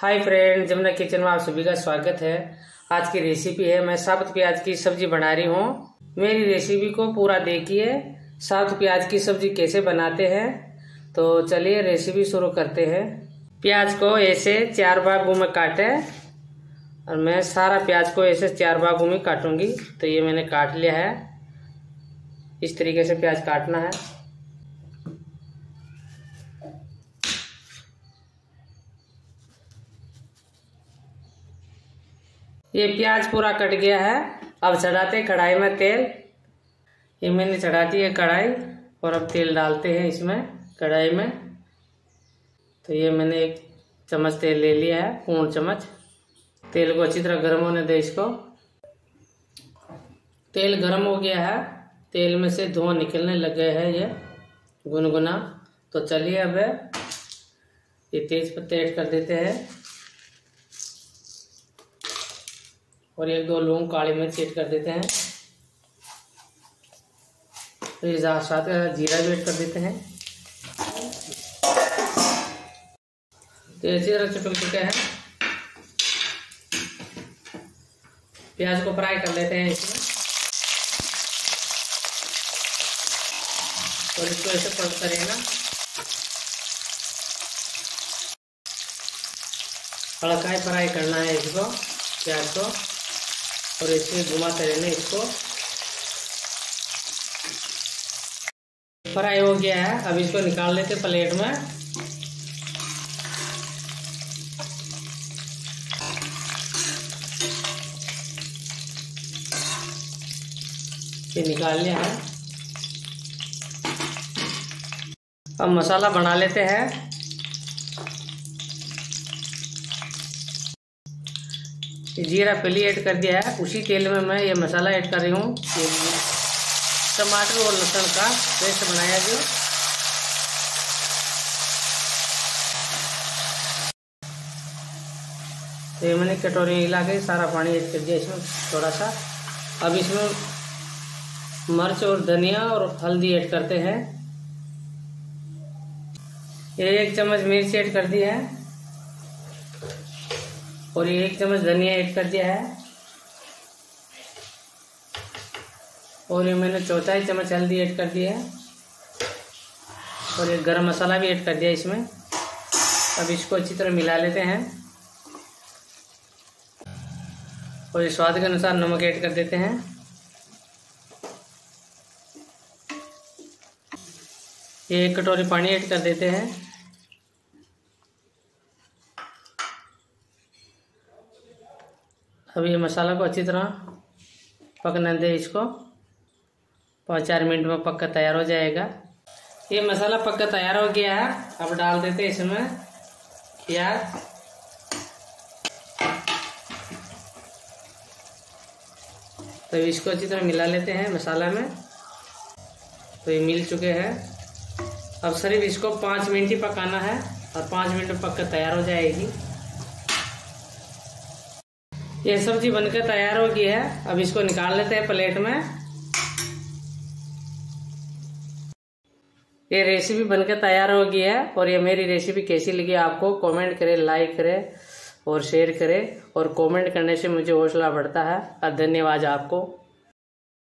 हाय friend Jamuna kitchen में आप सभी का स्वागत है आज की रेसिपी है मैं साबुत प्याज की सब्जी बना रही हूँ मेरी रेसिपी को पूरा देखिए साबुत प्याज की सब्जी कैसे बनाते हैं तो चलिए रेसिपी शुरू करते हैं प्याज को ऐसे चार भागों में काटें और मैं सारा प्याज को ऐसे चार भागों में काटूंगी तो ये मैंने काट लिया है इस तरीके से प्याज काटना है ये प्याज पूरा कट गया है अब चढ़ाते कढ़ाई में तेल ये मैंने चढ़ा दी है कढ़ाई और अब तेल डालते हैं इसमें कढ़ाई में तो ये मैंने एक चम्मच तेल ले लिया है पूर्ण चम्मच तेल को अच्छी तरह गर्म होने दें इसको तेल गर्म हो गया है तेल में से धुआं निकलने लग गए है ये गुनगुना तो चलिए अब ये तेज पत्ते ऐड कर देते हैं और एक दो लौंग काली मिर्च एड कर देते हैं साथ जीरा भी एड कर देते हैं तो इसी तरह चुटक चुके हैं प्याज को फ्राई कर लेते हैं इसमें और इसको ऐसे पलट करें ना हल्का ही फ्राई करना है इसको प्याज को और ऐसे घुमाते रहना इसको फ्राई हो गया है अब इसको निकाल लेते प्लेट में ये निकाल लिया है अब मसाला बना लेते हैं जीरा पहले ऐड कर दिया है उसी तेल में मैं ये मसाला ऐड कर रही हूँ टमाटर और लहसुन का पेस्ट बनाया जो तो ये मैंने कटोरी हिला के सारा पानी ऐड कर दिया इसमें थोड़ा सा अब इसमें मिर्च और धनिया और हल्दी ऐड करते हैं ये एक चम्मच मिर्च ऐड कर दी है और ये एक चम्मच धनिया ऐड कर दिया है और ये मैंने चौथाई चम्मच हल्दी ऐड कर दिया है और ये गरम मसाला भी ऐड कर दिया इसमें अब इसको अच्छी तरह मिला लेते हैं और ये स्वाद के अनुसार नमक ऐड कर देते हैं ये एक कटोरी पानी ऐड कर देते हैं अब ये मसाला को अच्छी तरह पकने दे इसको पाँच चार मिनट में पक्का तैयार हो जाएगा ये मसाला पक्का तैयार हो गया है अब डाल देते हैं इसमें प्याज तो इसको अच्छी तरह मिला लेते हैं मसाला में तो ये मिल चुके हैं अब सिर्फ इसको पाँच मिनट ही पकाना है और पाँच मिनट में पक्का तैयार हो जाएगी ये सब्जी बनकर तैयार हो गई है अब इसको निकाल लेते हैं प्लेट में ये रेसिपी बनकर तैयार हो गई है और ये मेरी रेसिपी कैसी लगी आपको कमेंट करें लाइक करें और शेयर करें और कमेंट करने से मुझे हौसला बढ़ता है और धन्यवाद आपको